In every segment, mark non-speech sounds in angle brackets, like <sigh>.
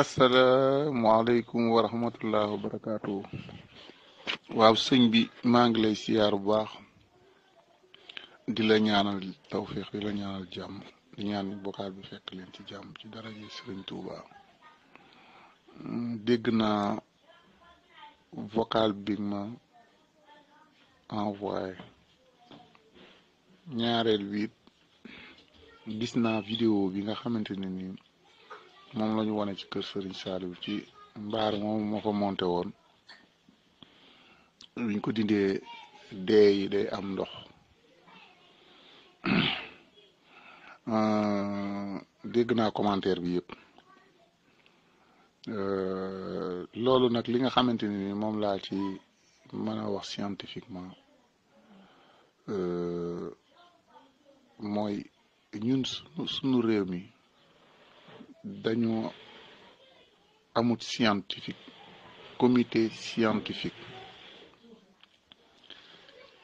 asalaamaaleykum wa rahmatullahi wa barakaatu. waaw sëñ bi maa ngi lay siyaar bu baax di la ñaanal tawféex di la ñaanal jàmm di ñaan bokkaat bi fekk leen ci jàmm ci dara ji sëriñ Touba dégg naa vocal bi ma envoyé ñaareel bi gis naa vidéo bi nga xamante ne nii. moom lañu wone ci kër Sëriñ Saliou ci mbar moom moo ko monté woon luñ ko dindee dee yi am ndox <clears throat> euh, dégg naa commentaire bi yëpp euh, loolu nag li nga xamante ne ni moom laa ci mën wax scientifiquement euh, mooy ñun sunu réew mi dañu amut scientifique comité scientifique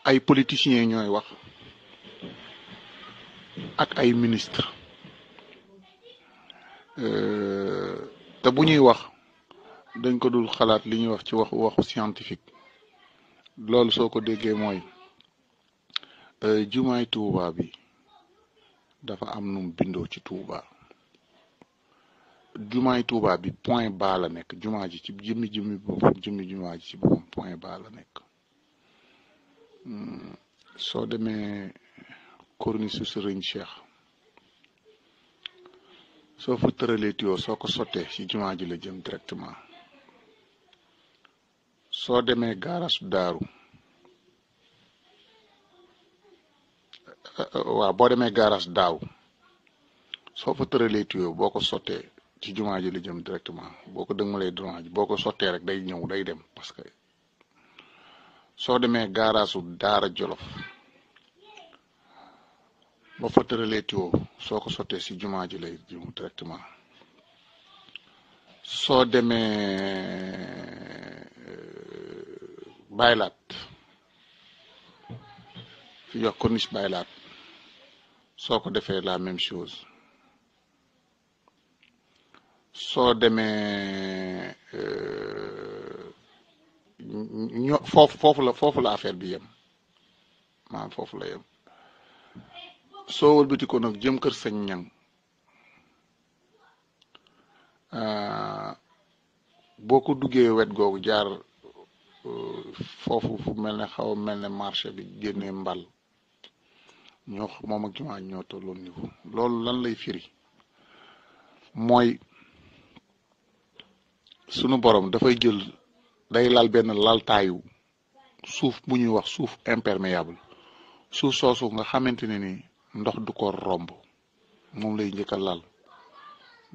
ay politiciens ñooy wax ak ay ministre euh, te bu ñuy wax dañ ko dul xalaat li ñuy wax ci waxu waxu scientifique loolu soo ko déggee mooy euh, jumaay tuuba bi dafa am num bindoo ci tuuba jumaay Tuubaa bi point baa la nekk jumaa ji ci jëmmi jëmmi boppam jëmmi jumaa ji ci boppam point baa la nekk hmm, soo demee corniche su Sëriñ soo fa tëralee tuyoo soo ko sottee ci jumaa ji la jëm directement soo demee gaarasu daaru euh, euh, waaw boo demee gaarasu daaw soo fa tëralee tuyoo boo ko sotee ci jumaa ji la jëm directement boo ko dëgmalee jumaa ji boo ko sottee rek day ñëw day dem parce que soo demee gaaraasu daara jolof boo fa tëralee tuyau soo ko sottee si jumaa ji lay jëm directement soo demee euh, baylaat fi jox corniche baylaat soo ko defee la même chose soo demee euh, ño foofu la foofu la affaire bi yem maanaam foofu la yem soo wëlbati ko jëm kër sëñ ñang euh, boo ko duggee wet googu jaar euh, foofu fu mel ne xaw mel ne marché bi génnee mbal ñoo moom ak jumaa ñoo tolloon niveau loolu lan lay firi mooy sunu borom dafay jël day lal benn laltaayu suuf bu ñuy wax suuf imperméable suuf soosu nga xamante ne ni ndox du ko romb moom lay njëkk a lal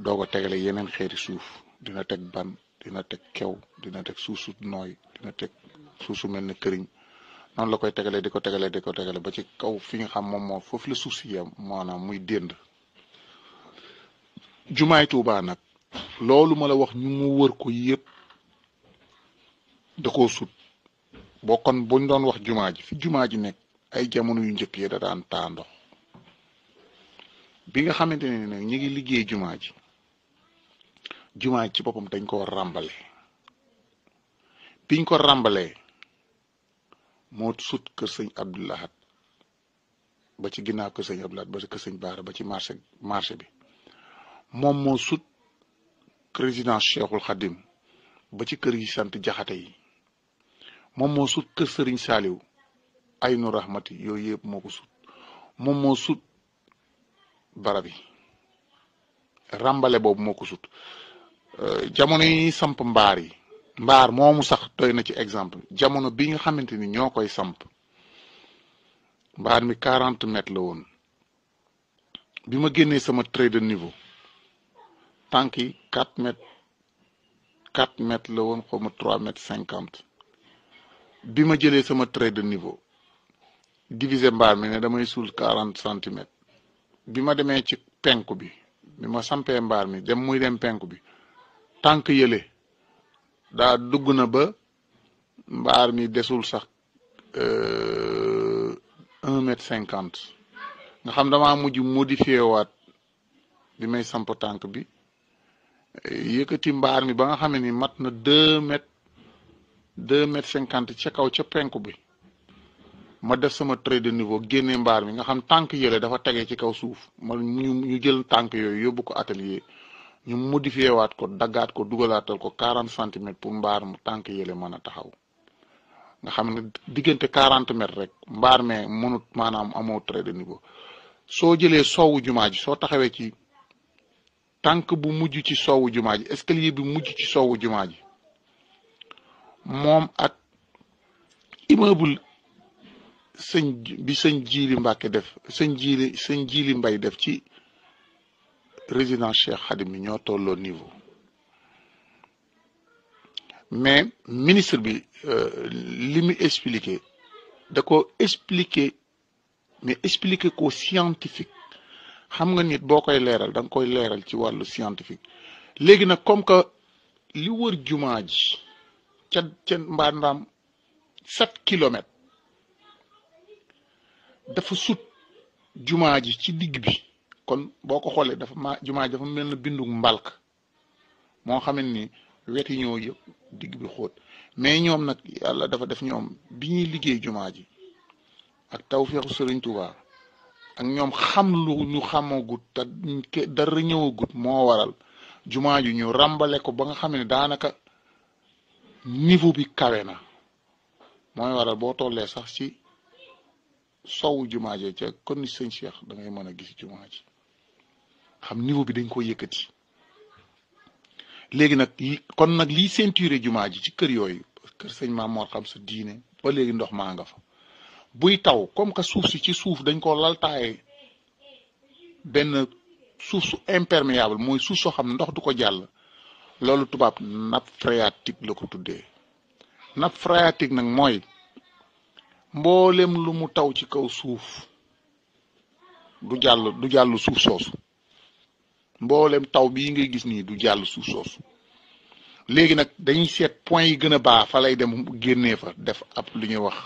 doo ko tegale yeneen xeeti suuf dina teg ban dina teg kew dina teg suuf su nooy dina teg suuf su mel ne këriñ noonu la koy tegalee di ko tegalee di ko tegalee ba ci kaw fi nga xam moom moo foofu la suuf si yam maanaam muy dénd jumaay Tuubaa nag loolu ma la wax ñu mu wër ko yëpp da koo sut boo kon buñ doon wax jumaa ji fi jumaa ji nekk ay jamono yu njëkk yi da daan taa bi nga xamante ne nag ñu ngi liggéey jumaa ji jumaa ji ci boppam dañ ko ràmbale biñ ko ràmbalee moo sut kër sëñ Abdoulahat ba ci ginnaaw kër sëñ Abdoulahat ba ci kër Baara ba ci marché marché bi moom moo sut résidence Cheikhul Khadim ba ci kër yi sant jaxate yi moom moo sut kër sëriñ saaliw ay nu rahmati yooyu yëpp moo ko sut moom moo sut barab yi ràmbale boobu moo ko sut euh, jamono yi samp mbaar yi mbaar moomu sax toy na ci exemple jamono bi nga xamante ni ñoo koy samp mbaar mi quarante mètres la woon bi ma génnee sama trait de niveau tànk quatre mètres quatre mètres la woon xaw ma trois mètres cinquante bi ma jëlee sama trait de niveau diviser mbaar mi ne damay suul quarante centimètres bi ma demee ci penku bi bi ma sampee mbaar mi dem muy dem penku bi tànk yële daa dugg na ba mbaar mi desul sax euh, un mètre cinquante nga xam damaa mujj modifié waat bi may samp tànk bi yëkkati mbaar mi ba nga xam ne ni mat na deux mètres deux mètres cinquante ca kaw ca penku bi ma def sama trait de niveau génne mbaar mi nga xam tànk yële dafa tege ci kaw suuf ma ñu ñu jël tànk yooyu yóbbu ko atelier ñu modifié waat ko daggaat ko dugalaatal ko quarante centimètres pour mbaar mu tànk yële mën a taxaw nga xam ni diggante quarante mètres rek mbaar mee mënut maanaam amoo trait de niveau soo jëlee soowu jumaa ji soo taxawee ci tànk bu mujj ci soowu jumaa ji escalier bi mujj ci soowu jumaa moom ak immeuble sëñ bi sëñ jiili Mbàkke def sëñ jiili sëñ jiili mbay def ci résidence Cheikh Khadim bi ñoo tolloo niveau mais ministre bi euh, li mu expliqué da ko expliqué mais expliqué ko scientifique xam nga nit boo koy leeral danga koy leeral ci wàllu scientifique léegi nag comme que li wër jumaa ji ca ca mbaandaam sept kilomètres dafa sut jumaa ji ci digg bi kon boo ko xoolee dafa ma jumaa ji dafa mel na bindu mbalk moo xam ni weti ñoo yëpp digg bi xóot mais ñoom nag yàlla dafa def ñoom bi ñuy liggéey jumaa ji ak tawféexu Sëriñ Tuubaa ak ñoom xam lu ñu xamagut te dara ñëwagut moo waral jumaa ju ñu ràmbale ko ba nga xam ne daanaka niveau bi kawe na mooy waral boo tollee sax ci sow jumaa ji ca kon sëñ Cheikh da ngay mën a gis jumaa ji xam niveau bi dañ ko yëkkati léegi nag kon nag liy ceinture jumaa ji ci kër yooyu kër sëñ Maam Mor xam sa diine ba léegi ndox maa nga fa buy taw comme que suuf si ci suuf dañ ko laltaaye benn suuf su imperméable mooy suuf soo xam ndox du ko jàll loolu tubaab nappe phréatique la ko tuddee nap phréatique nag mooy mboolem lu mu taw ci kaw suuf du jàll du jàll suuf soosu mboolem taw bii ngay gis nii du jàll suuf soosu léegi nag dañuy seet point yi gën a baax fa lay dem génnee fa def ab lu ñuy wax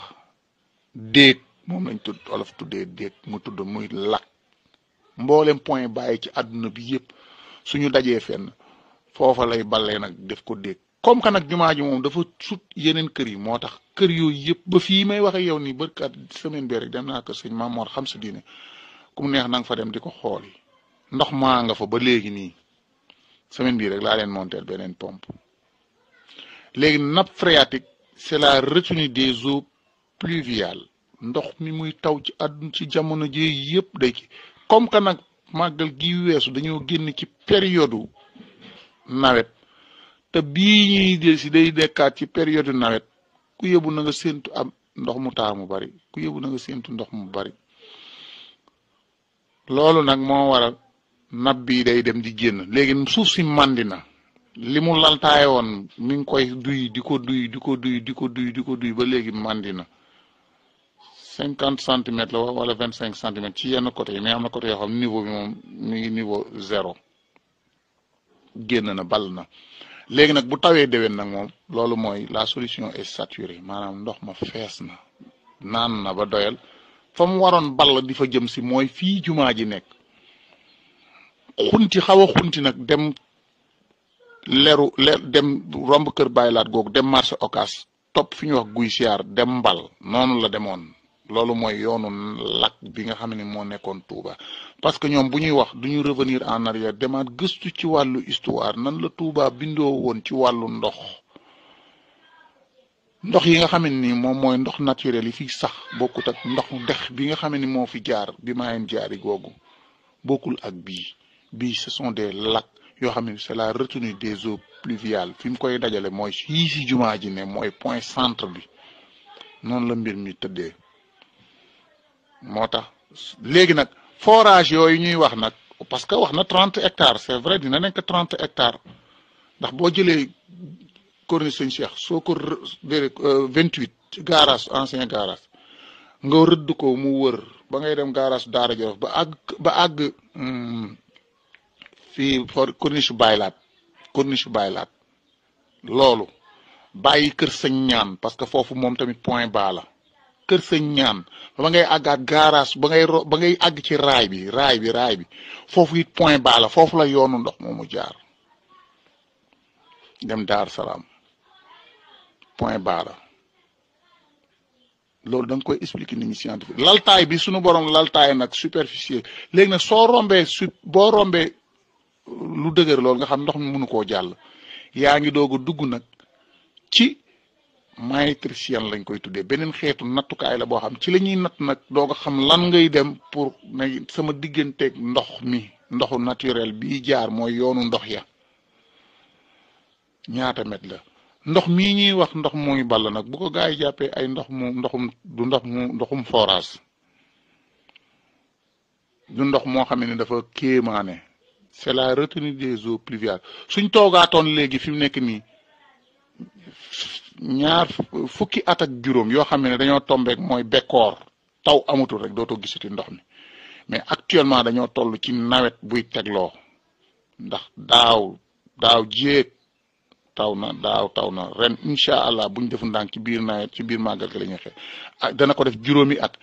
déeg moom lañ tudd olof tuddee déeg mu tudd muy la mboolem point bàyyi ci àdduna bi yëpp suñu dajee fenn foofa lay ballee nag def ko déeg comme que nag jumaa ji moom dafa sut yeneen kër yi moo tax kër yooyu yëpp ba fii may waxe yow nii bërkat semaine bi rek dem naa kër sëñ Mamoor xam si diine ku neex na nga fa dem di ko xool ndox maa nga fa ba léegi nii semaine bii rek laa leen monter beneen pompe léegi nappe phréatique c'est la retenue des eaux pluviale ndox mi muy taw ci àdduna ci jamono ji yëpp day ci comme que nag màggal gi weesu dañoo génn ci période nawet te bii ñuy del si day nekkaat ci période nawet ku yóbbu na nga séntu am ndox mu taa mu bari ku yóbbu na nga séntu ndox mu bari loolu nag moo wara nab bii day dem di génn léegi suuf si màndi na li mu laltaayoon mu ngi koy duy di ko duy di ko duy di ko duy di ko duy ba léegi màndi na cinquante centimètres la wala vingt cinq centimètres ci yenn côté yi mais am na côté yoo xam niveau ngi niveau zéro génn na ball na léegi nag bu tawee dewen nag moom loolu mooy la solution est saturée maanaam ndox ma fees na naan na ba doyal fa mu waroon ball di fa jëm si mooy fii jumaa ji nekk xunti xaw a xunti nag dem leru leer dem romb kër bàyyilaat googu dem marché occas topp fi ñuy wax guy siyaar dem mbal noonu la demoon loolu mooy yoonu lakk bi nga xam ne moo nekkoon Touba parce que ñoom bu ñuy wax du ñu revenir en arrière demaat gëstu ci wàllu histoire nan la Touba bindoo woon ci wàllu ndox ndox yi nga xam ne moom mooy ndox naturel yi fi sax bokkut ak ndox dex bi nga xam ne moo fi jaar bi maayeen jaari googu bokkul ak bi bi saison sont des lacs yoo xam ne c'est la retenue des eaux pluviales fi mu koy dajale mooy fii si jumaa ji ne mooy point centre bi noonu la mbir mi tëddee. moo tax léegi nag forage yooyu ñuy wax nag parce que wax na trente hectares c'est vrai dina nekk trente hectares ndax boo jëlee corniche sëñ Cheikh soo ko euh, vingt huit garage ancien garage nga rëdd ko mu wër ba ngay dem garage Daara Jolof ba àgg ba àgg hmm, fii for corniche baylaat corniche laat loolu bàyyi kër sëñ ñaan parce que foofu moom tamit point bas la kër sëñ ñaan ba ngay àggaat garage ba ngay ba ngay àgg ci raay bi raay bi raay bi foofu it point baala foofu la yoonu ndox moomu jaar dem daar salaam point baa la loolu da nga koy expliquer nit ñi scientifique laltaay bi sunu borom laltaay nag superficiel léegi nag soo rombee su boo rombee lu dëgër loolu nga xam ndox mi mënu koo jàll yaa ngi doog a dugg nag ci maïtricienne lañ koy tuddee beneen xeetu nattukaay la boo xam ci la ñuy natt nag doog a xam lan ngay dem pour na sama digganteeg ndox mi ndoxu naturel bi jaar mooy yoonu ndox ya ñaata met la ndox mii ñuy wax ndox muy ball nag bu ko gaa yi jàppee ay ndox mu ndoxum du ndox mu ndoxum forage du ndox moo xam ne dafa kéemaane c'est la retenue des eaux pluviales suñ toogaatoon léegi fi mu nekk nii ñaar fukki atak juróom yoo xam ne dañoo tombeek mooy bekkoor taw amatul rek dootoo gisati ndox mi mais actuellement dañoo toll ci nawet buy tegloo ndax daaw daaw jéeg taw na daaw taw na ren incha allah buñ defu ndànk ci biir nawet ci biir màggal gi la ñuy ah dana ko def juróomi at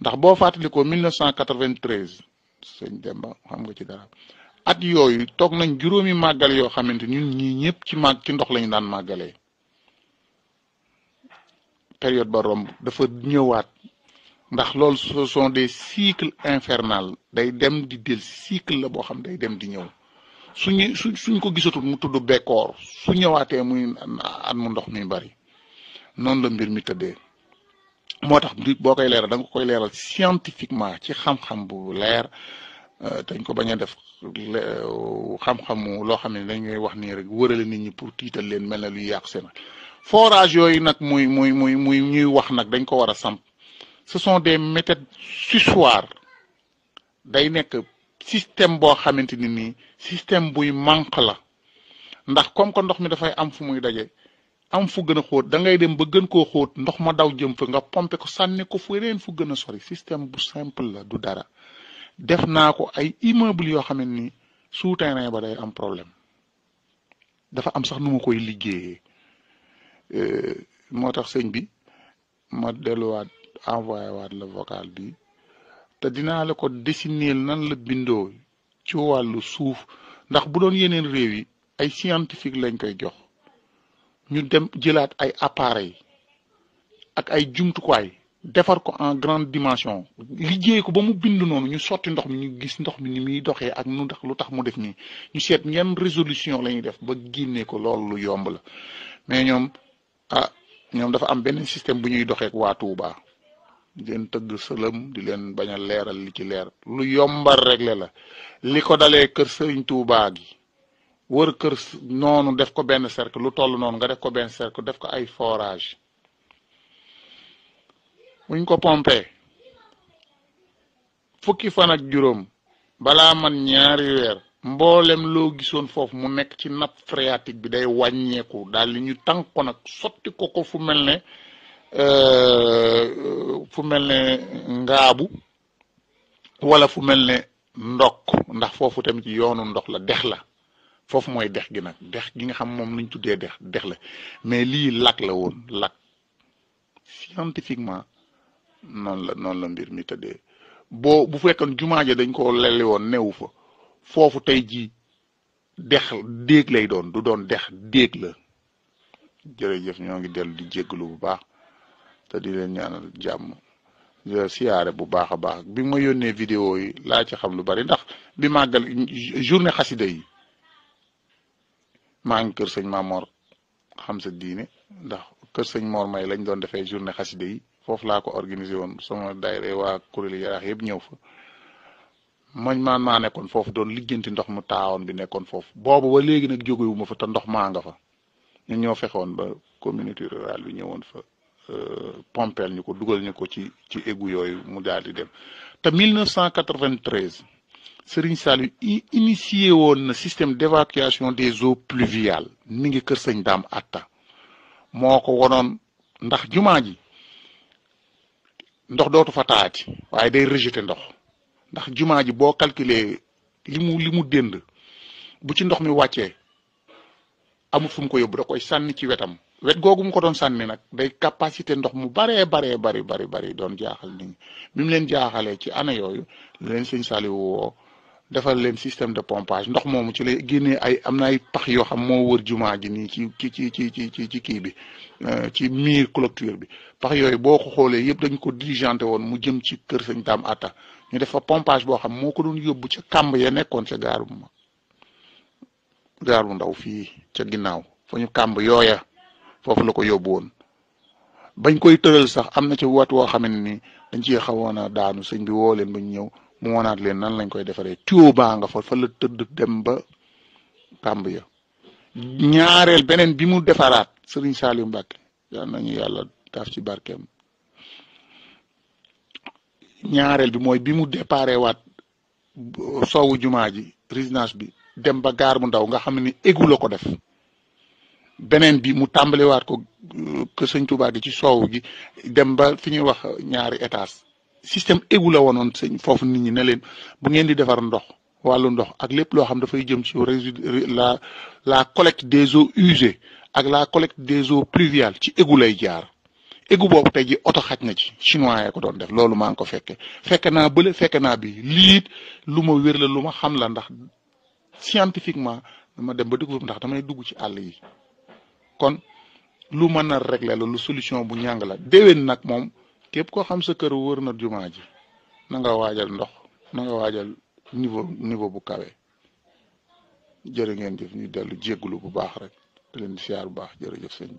ndax boo fàttalikoo 1993 sëñ Demba xam nga ci dara at yooyu toog nañ juróomi màggal yoo xamante ñun ñii ñëpp ci màgg ci ndox lañu daan màggalee. période ba romb dafa ñëwaat ndax loolu ce sont des cycles infernal day dem di del cycle la boo xam day dem di ñëw suñu su suñ ko gisatul mu tudd bekkoor su ñëwaatee muy at mu ndox mi bari noonu la mbir mi tëddee moo tax boo koy leeral da koy leeral scientifiquement ci xam-xam bu leer euh, dañ ko bañ a def euh, xam-xamu loo xam ne dañ dañuy wax nii rek wërale nit ñi pour tiital leen mel na luy yàq seen forage yooyu nag muy muy muy muy ñuy wax nag dañ ko war a samp ce sont des méthodes sussoirs day nekk système boo xamante ni nii système buy manque la ndax comme que ndox mi dafay am fu muy daje am fu gën a xóot da ngay dem ba gën koo xóot ndox ma daw jëm fa nga pompe ko sànni ko fu reen fu gën a sori système bu simple la du dara def naa ko ay immeuble yoo xamante ni souterrain ba day am problème dafa am sax nu ma koy liggéeyee Euh, moo tax sëñ bi ma delluwaat envoyé waat la vocal bi te dinaa la ko dessineel nan la bindoo ci wàllu suuf ndax bu doon yeneen réew yi ay scientifique lañ koy jox ñu dem jëlaat ay appareil ak ay jumtukaay defar ko en grande dimension liggéey ko ba mu bind noonu ñu sotti ndox mi ñu gis ndox mi ni muy doxee ak nu ndax lu tax mu def nii ñu seet ngeen résolution la def ba génnee ko loolu lu yomb la mais ñoom a ah, ñoom dafa am benn système bu ñuy doxeek waa Touba di leen tëgg sëlëm di leen bañ a leeral li ci leer lu yombal regle la li ko dalee kër sëriñ Touba gi wër kër noonu def ko benn cercle lu toll noonu nga def ko benn cercle def ko ay forage muñ ko pompé fukki fan ak juróom balaa man ñaari weer mboolem loo gisoon foofu mu nekk ci nappe phréatique bi day wàññeeku daal ñu tànk nag sotti ko fu mel ne euh, fu mel ne ngaabu wala fu mel ne ndokk ndax foofu tamit yoonu ndox la dex la foofu mooy dex gi nag dex gi nga xam moom lañ tuddee dex dex la mais lii lac la woon lac scientifiquement noonu la noonu la mbir mi tëddee boo bu fekkoon jumaa ja dañ ko lelli woon newu fa foofu tey jii dex déeg lay doon du doon dex déeg la jërëjëf ñoo ngi dellu di jéggalu bu baax te di leen ñaanal jàmm siyaare bu baax a baax bi ma yónnee vidéo yi laa ci xam lu bari ndax bi màggal journée xasida yi maa kër sëñ Mamor xam sa diine ndax kër sëñ Mor may lañ doon defee journée xasida yi foofu laa ko organisé woon sama daayira waa kuréel yaraax yëpp ñëw fa mañ maan maa nekkoon foofu doon liggéenti ndox mu taawoon bi nekkoon foofu boobu wa léegi nag jógewu ma fa te ndox maa nga fa ñun ñoo fexoon ba communauté rural bi ñëwoon fa euh, pompel ñu ko dugal ñu ko ci ci égout yooyu mu daal di dem te 1993 Serigne Saliou initié woon na système d'évacuation des eaux pluviales mi ngi kër sëñ daam atta moo ko wonoon ndax jumaa ji ndox dootu fa taati waaye day rejeter ndox ndax jumaa ji boo calculer li mu li mu dënd bu ci ndox mi wàccee amul fum ko yóbbu da koy sànni ci wetam wet googu ko doon sànni nag day capacité ndox mu baree baree bari bari bari doon jaaxal nit ñi leen jaaxalee ci ana yooyu leen sëñ Saliou woo defal leen système de pompage ndox moomu ci lay génnee ay am na ay pax yoo xam moo wër jumaa ji nii ci ci ci ci ci ci kii bi euh, ci miir clôture bi pax yooyu boo ko xoolee yëpp dañ ko dirigenté woon mu jëm ci kër sëñ Dame Atta ñu def fa pompage boo xam moo ko doon yóbbu ca kàmb ya nekkoon ca gaaru ma gaaru ndaw fii ca ginnaaw fa ñu kàmb yooya foofu la ko yóbbu woon bañ koy tëral sax am na ci wat woo xam ni dañ ci xawoon a daanu sëñ bi woo leen ba ñu ñëw mu wonaat leen nan lañ koy defaree tuyau baa nga fa fa la tëdd dem ba kàmb ya ñaareel beneen bi mu defaraat sëriñ Saliou Mbacke na nañu yàlla taaf ci barkeem ñaareel bi mooy bi mu déparé waat soowu jumaa ji résidence bi dem ba gaar bu ndaw nga xam ni égu ko def beneen bi mu tàmbaliwaat ko que euh, sëñ Tuubaa gi ci soowu gi dem ba fi ñuy wax ñaari étage système égu la wonoon sëñ foofu nit ñi ne leen bu ngeen di defar ndox wàllu ndox ak lépp loo xam dafay jëm ci la la collecte des eaux usées ak la collecte des eaux pluviales ci égu jaar égout boobu tey ji oto xaj na ci chinois ya ko doon def loolu maa ngi ko fekke fekke naa bële fekke naa bi liit lu ma wér la lu ma xam la ndax scientifiquement dama dem ba découvrir ndax damay dugg ci àll yi kon lu ma a régler la lu solution bu ñàng la déwén nag moom képp koo xam sa kër wër na jumaa ji na nga waajal ndox na nga waajal niveau niveau bu kawe jërë ngeen jëf ñu dellu jéggulu bu baax rek te leen di bu baax jërëjëf sëñ